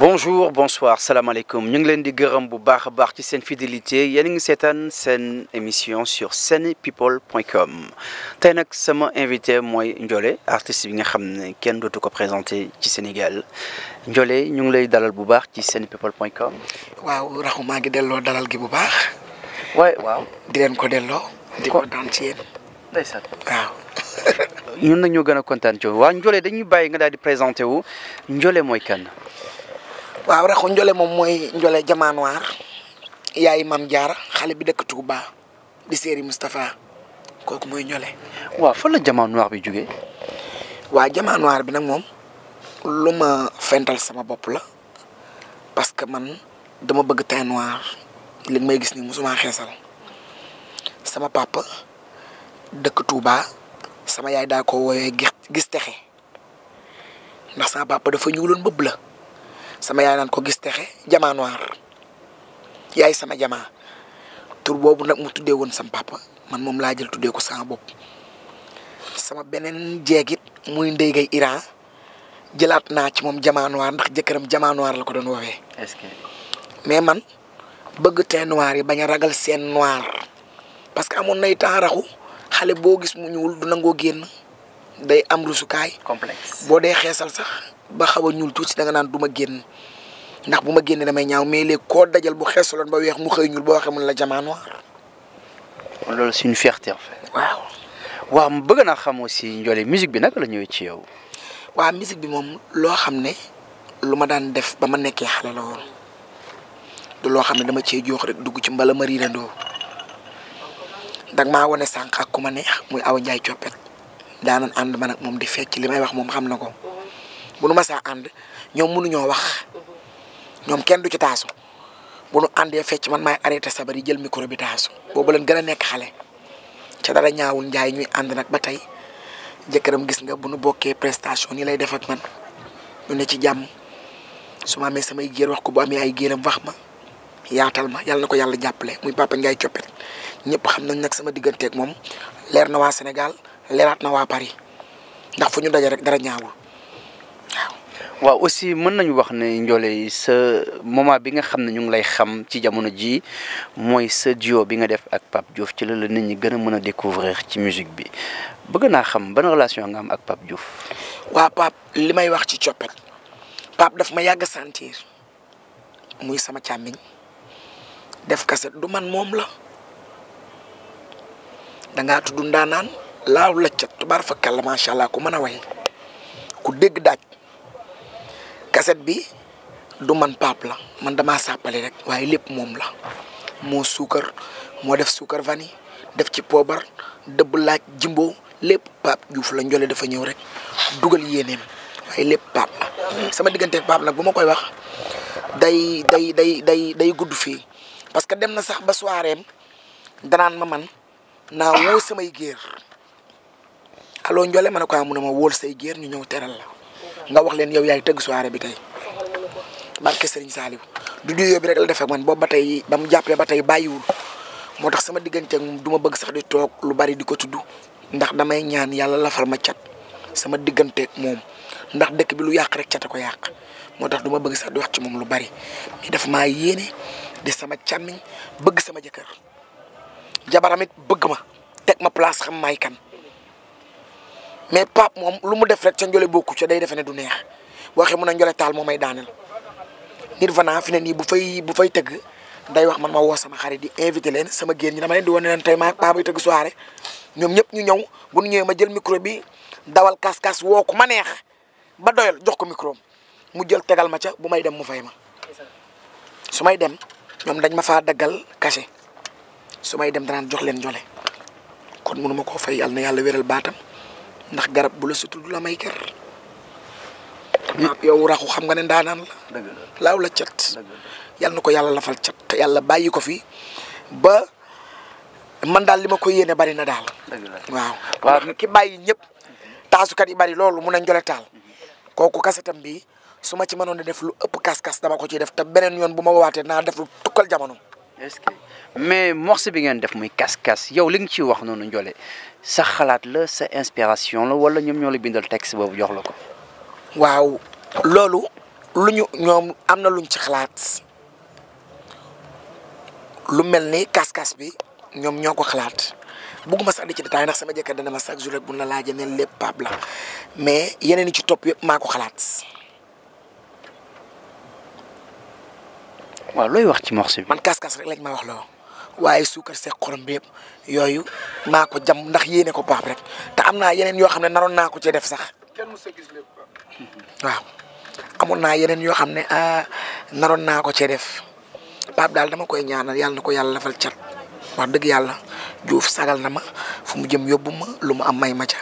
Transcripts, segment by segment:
bonjour bonsoir salaamaaleykum ñu ngi leen di gërëm bu baax a baax ci seen fidélité yéen ngi seetaan seen émission sur senepeople.com tey nag sama invité mooy njoole artist bi nga xam ne kenn dootu ko présenté ci Sénégal njoole ñu ngi lay dalal bu baax ci senepeople.com. waaw raxu maa gi delloo dalal gi bu baax. waay waaw. di leen ko delloo. di ñun nag gën a kontaan ci waa Ndiolé dañuy bàyyi nga daal di présenté wu njoole mooy kan. waaw Rakhu njole moom mooy Ndiolé Diama Noir yaay mam Diarra xale bi dëkk Touba di Serigne Mustapha kooku mooy Ndiolé. waaw fan la Diama Noir bi bi nag moom lu ma fental sama bopp la parce que man dama bëgg teint noir li may gis ni mosuma xeesal sama papa dëkk Touba sama yaay daa ko woowee gis texe ndax sama papa dafa ñuuloon bëbb la. sama yaay naan ko gis texe jamaa noir yaay sama jamaa tur boobu nag mu tuddee woon sama papa man moom laa jël tuddee ko sama bopp sama beneen jeegit muy ndey gay Iran jëlaat naa ci moom jamaa noir ndax jëkkëram jamaa noir la ko doon woowee. est mais man bëgg teint noir yi bañ a ragal seen noir parce que amoon nay temps raxu xale boo gis mu ñuul du nangoo génn. day am rusukaay. complexe boo dee xeesal sax ba xaw a ñuul tuuti danga naan du ma génn ndax bu ma génnee damay ñaaw mais léegi koo dajal bu xeesaloon ba weex mu xëy ñuul boo waxee mun la jamaa noir. loolu c'est une fierté en bëgg naa xam aussi Ndiolé musique bi naka la ñëwee ci yow. waaw musique bi moom loo xam ne lu ma daan def ba ma nekkee xale la woon du loo xam ne dama cee joox rek dugg ci mbala ma riirandoo dag maa wone sànq ak ku ma neex muy aw njaay coppet daanan ànd ma nag moom di fecc li may wax moom xam na ko bu nu masaa ànd ñoom mënuñoo wax ñoom kenn du ci taasu bu nu àndee fecc man may arrêté sabar yi jël micro bi taasu boobu leen gën a nekk xale ca dara ñaawul njaay ñuy ànd nag ba tey jëkkëram gis nga bu nu bokkee prestation nii lay def ak man ñu ne ci jàmm su ma amee samay géer wax ko bu amee ay géeram wax ma yaatal ma yàlla na ko yàlla jàppale muy papa ngay coppet ñëpp xam nañ nag sama digganteeg moom leeraat na waa Paris ndax fu ñu daje rek dara ñaawul waaw. aussi mën nañu wax ne Ndiolé sa moment bi nga xam ne ñu ngi lay xam ci jamono ji mooy sa duo bi nga def ak Pape Diouf ci la la nit ñi gën a mën a découvrir ci musique bi bëgg naa xam ban relation nga am ak Pape Diouf. waa Pape li may wax ci coppet Pape daf ma yàgg sentir muy sama càmmiñ def kaset du man moom la da ngaa tudd laaw laccat tubaar fakkal la macha allah ku mën a way ku dégg daaj kaset bi du man paap la man damaa sàppali rek waaye lépp moom la moo suukar moo def suukar vanille def ci poobar dëbb laaj jimbo lépp paap juuf la njole dafa ñëw rek dugal yéeneem waaye lépp paap la sama digganteeg paap nag bu ma koy wax day day day day day gudd fii parce que dem na sax ba soiréem danaan ma man naa woo samay géer allo Ndiolé ma ne ko ah, mu ne ma wóol say géer ñu ñëw teral la nga wax leen yow yaay tëgg soirée bi tey barke Serigne Saliou du duyoo bi rek la defee man boobu ba tey ba mu jàppee ba tey bàyyiwul moo tax sama digganteeg moom du ma bëgg sax di toog lu bari di ko tudd ndax damay ñaan yàlla lafal ma cat sama digganteeg moom ndax dëkk bi lu yàq rek cat a ko yàq moo tax du ma bëgg sax di wax ci moom lu bari mais daf maa yéene di sama càmmiñ bëgg sama jëkkër jabaramit bëgg ma teg ma place xam maay kan. mais Pape moom lu mu def rek ca njole bokku ca day defe ne du neex waxee mun a Ndiolé taal moo may daaneel nit fanaa fi ne nii bu fay bu fay tëgg day wax man ma woo sama xarit yi invité leen sama génn ñi dama leen di wane leen tey maa Pape bay tëgg soirée ñoom ñëpp ñu ñëw bu ñu ma jël micro bi dawal kaas woo ko ma neex ba doyal jox ko micro mu jël tegal ma ca bu may dem mu fay ma su may dem ñoom dañ ma faa daggal cachet su may dem danaan jox leen Ndiolé kon mënu ma koo fay yàlla na yàlla wéral baatam. ndax garab bu la sutul du la may ker yow raxu xam nga ne ndaanaan la laaw la cat yàlla na ko yàlla lafal cat te yàlla bàyyi ko fi ba man daal li ma koy yéene bari na daal waaw waaw ki bàyyi ñëpp taasukat yi bari loolu mun a njole taal kooku kasetam bi su ma ci mënoon a def lu ëpp kas-kas dama ko ciy def te beneen yoon bu ma waatee naa def lu tukkal jamono mais morceau bi ngeen def muy kas-kas yow li nga ciy wax noonu Ndiolé sa xalaat la sa inspiration la wala ñoom ñoo la bindal texte boobu jox la ko. waaw loolu lu ñu ñoom am na luñ ci xalaat lu mel ni kas-kas bi ñoom ñoo ko xalaat bugguma sax di ci détail ndax sama jëkkër dana ma chaque jour rek bu na laa laajee ne lépp Pape la mais yeneen yi ci topp yëpp maa ko xalaat. waaw looy wax ci morceau bi. man kaas kas rek lañ ma wax loo waaye suukar seeg xorom bi yëpp yooyu maa ko jam ndax yéene ko paap rek te am naa yeneen yoo xam ne naroon naa ko cee def sax waaw amoon naa yeneen yoo xam ne ah, naroon naa ko cee def paap daal dama koy ñaanal yàlla na ko yàlla lafal cat wax dëgg yàlla Diouf sagal na ma fu mu jëm yóbbu ma lu mu am may ma ca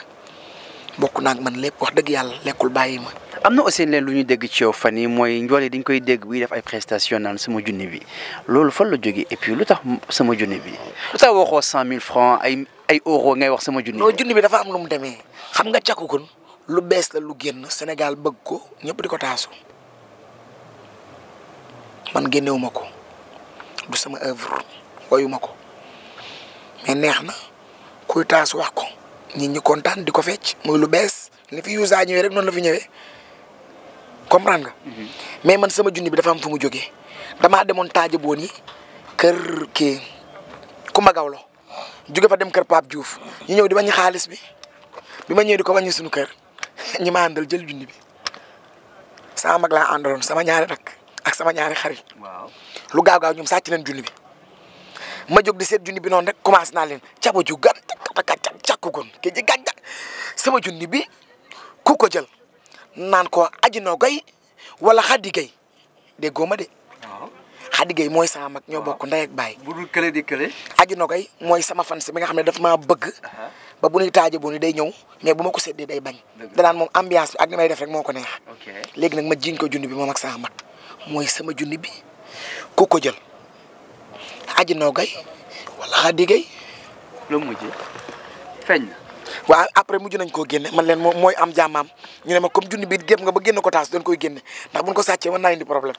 bokk naa man lépp wax dëgg yàlla lekkul bàyyi ma. am na aussi leen lu ñu dégg ci yow fan yi mooy njool dañ koy dégg buy def ay prestation naan sama junni bi loolu fan la jóge et puis lu tax sama junni bi lu tax waxoo cent mille francs ay ay euro ngay wax sama junni non bi dafa am lu mu demee xam nga càkkukun lu bees la lu génn Sénégal bëgg ko ñëpp di ko taasu man génnewuma ko du sama œuvre woyuma ko mais neex na kuy taas wax ko nit ñi kontaan di ko fecc muy lu bees li fi usa ñëwee rek noonu la fi ñëwee comme nga. mais man sama junni bi dafa am fu mu jógee damaa demoon taaja boon yi kër kii Kumba Gawlo jóge fa dem kër Pape Diouf ñu ñëw di wàññi xaalis bi bi ma ñëwee di ko wàññi suñu kër ñi ma àndal jël junni bi sama mag laa àndaloon sama ñaari rak ak sama ñaari xarit. waaw lu gaaw gaaw ñoom sàcc nañ junni bi. ma jóg di seet junni bi noonu rek commencé naa leen caba ju gan càkku gon ke ji gàncax sama junni bi ku ko jël. naan ko Ajinoo Gay wala Xadi Gay déggoo ma de. waaw Xadi mooy sama mag ñoo bokk ndey ak baay. bu dul kële di kële. Ajinoo mooy sama fan si bi nga xam ne daf maa bëgg. Uh-huh. ba bu ñuy taaje bu ni day ñëw mais bu ma ko séddee day bañ. moom ambiance bi ak moo ko neex. léegi nag ma jiñ ko junni bi moom ak sama mag mooy sama junni bi ku ko jël Ajinoo Gay wala Xadi waaw après mujj nañ koo génne man leen moom mooy am jàmmaam ñu ne ma comme junni bi gépp nga ba génn ko taas doon koy génne ndax buñ ko sàccee mën naa indi problème.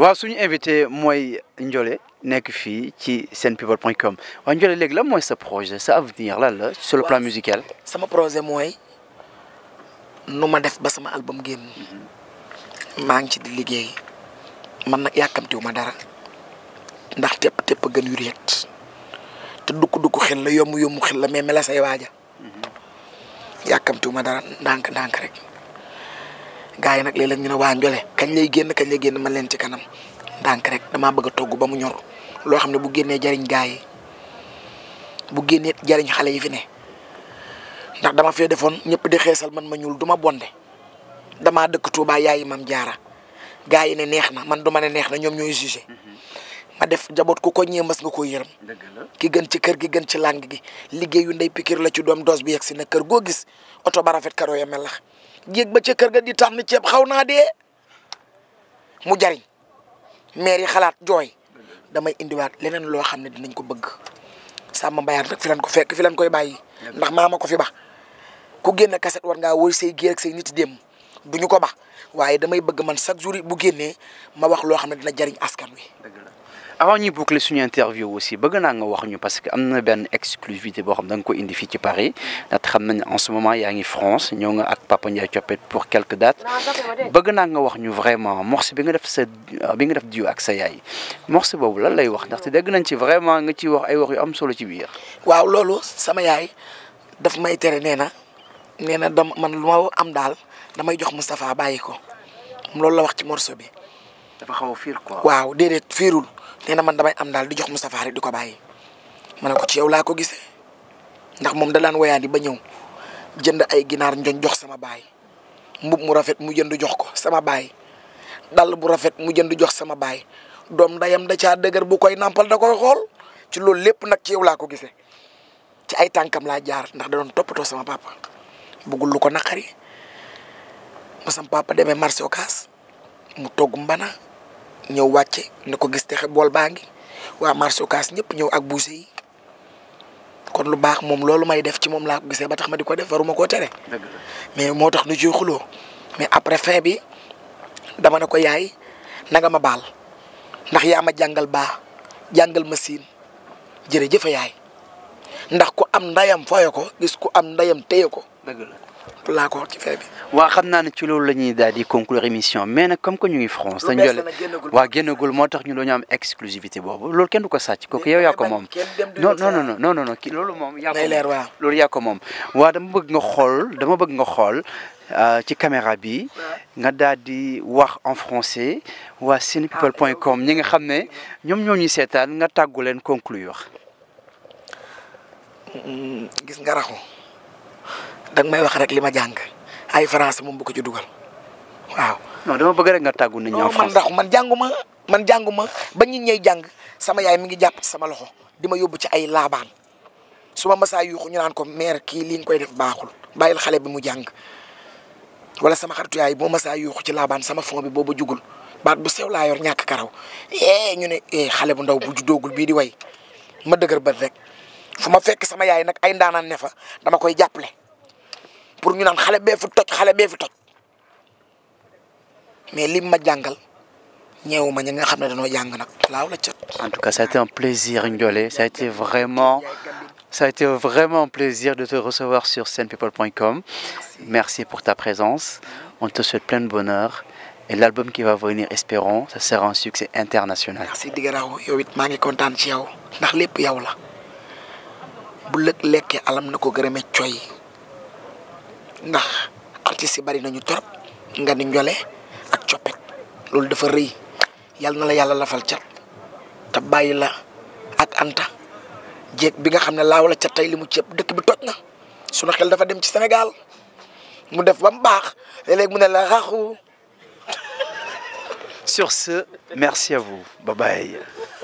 waaw suñu invité mooy Ndiolé nekk fii ci senepeople.com waaw Ndiolé léegi lan mooy sa projet sa avenir lan la sur le plan musical. sama projet mooy nu ma des ba sama album génn mhm. maa ngi ci di liggéey man nag yàkkamtiwu ma dara ndax tepp tepp gën yu réet te dukk dukk xel la yomb yomb xel la mais mel la say yàkkamtuwuma dara ndànk ndànk rek gaa yi nag léeg-léeg na waa njole kañ lay génn kañ lay génn man leen ci kanam ndànk rek damaa bëgg a togg ba mu ñor loo xam ne bu génnee jariñ gaa yi bu génnee jariñ xale yi fi ne ndax dama fee defoon ñëpp di xeesal man ma ñuul du ma bonde damaa dëkk Touba yaayi mam jaara gaa yi ne neex na man duma ma ne neex na ñoom ñooy jugé mhm. ma def jaboot ku ko ñee mas nga ko yërëm ki gën ci kër gi gën ci làng gi liggéeyu ndey pikir la ci doom doos bi yegg si na kër goo gis oto ba rafet karoo ya melax yéeg ba ca kër ga di tax na ceeb xaw naa dee mu jariñ maire yi xalaat jooy damay indiwaat leneen loo xam ne dinañ ko bëgg sàmm mbayaat rek fi lan ko fekk fi lan koy bàyyi ndax maama ko fi ba ku génn kaset war nga wóor say géer ak say nit dem ñu ko ba waaye damay bëgg man chaque jour bu génnee ma wax loo xam ne dina jariñ askan wi avant ñuy boucler suñu interview aussi bëgg naa nga wax ñu parce que am na benn exclusivité boo xam da nga ko indi fii ci Paris ndax xam nañ en ce moment yaa ngi France ñëw nga ak Papa Ndiaye Thiopet pour quelques dates bëgg naa nga wax ñu vraiment morceau bi nga def sa bi nga def diw ak sa yaay morceau boobu lan lay wax ndaxte dégg nañ ci vraiment nga ciy wax ay wax yu am solo ci biir. waaw loolu sama yaay daf may tere nee na nee na dama man lu ma am daal damay jox Moustapha bàyyi ko loolu la wax ci morceau bi. dafa xaw a fiir quoi. waaw déedéet fiirul nee nag man damay am daal di jox Moustapha rek di ko bàyyi ma ne ko ci yow laa ko gisee ndax moom da daan woyaani ba ñëw jënd ay ginaar njoñ jox sama baay mbub mu rafet mu jënd jox ko sama baay dàll bu rafet mu jënd jox sama baay doom ndayam da caa dëgër bu koy nàmpal da koy xool ci loolu lépp nag ci yow laa ko gisee ci ay tànkam laa jaar ndax da doon toppatoo sama papa bëggul lu ko naqari ma sama papa demee marché Ocass mu togg mbana. ñëw wàcce na ko gis te bool baa ngi waa marché Ocass ñëpp ñëw ak boucher yi kon lu baax moom loolu may def ci moom laa ko gisee ba tax ma di ko def waruma koo tere. mais moo tax nu ciy mais après fin bi dama ne ko yaay nanga ma baal ndax yaa ma jàngal baa jàngal ma siin jërëjëf yaay ndax ku am ndayam foye ko gis ku am ndayam téye ko. laa ko wax ci fee bi. waaw xam naa ne ci loolu la ñuy daal di conclure émission mais nag comme que ñu ngi France. dañu jël waaw génnagul moo tax ñu doon am exclusivité boobu loolu kenn du ko sàcc kooku yow yaa ko moom. non non non non non kii loolu moom. yaa ko moom loolu yaa ko moom. waaw dama bëgg nga xool dama bëgg nga xool euh, ci caméra bi nga daal di wax en français waa senepeople.com ah, ñi nga xam ne ñoom ñoo ñuy seetaan nga tàggu leen conclure. Mm, gis nga raxu. danga may wax rek li ma jàng ay français moom bu ko ci dugal waaw. non dama bëgg rek nga tàggu nit ñi en man ndax man jàngu ma man jàngu ma ba ñi ñey jàng sama yaay mi ngi jàpp sama loxo di ma yóbbu ci ay laabaan su ma masaa yuuxu ñu naan ko mère kii li nga koy def baaxul bàyyil xale bi mu jàng wala sama xaritu yaay boo masaa yuuxu ci laabaan sama fond bi boobu jugul baat bu sew laa yor ñàkk karaw eh ñu ne eh xale bu ndaw bu juddoogul bii di way ma dëgër bët rek fu ma fekk sama yaay nag ay ndaanaan ne fa dama koy jàppale. pour ñu naan xale bee fi toj xale bee fi toj mais ma jàngal ñeewu ma ñi nga xam ne dañoo jàng nag laaw la en tout cas ça a été un plaisir Ndiolé ça a été vraiment ça a été plaisir de te recevoir sur senepeople.com merci pour ta présence on te souhaite plein de bonheur. et l'album qui va venir espérons ça sera un succès international. merci maa ngi kontaan ci yow ndax lépp yow la bu lekkee alam na koo gërëmee coy ndax artistes yi bari nañu trop nga di njole ak coppet loolu dafa rëy yàlla na la yàlla lafal cat te bàyyi la ak anta jéeg bi nga xam ne laaw la cat tey li mu ceeb dëkk bi toj na sunu xel dafa dem ci Sénégal mu def ba mu baax léeg mu ne la raxu Sur ce, merci à vous. Bye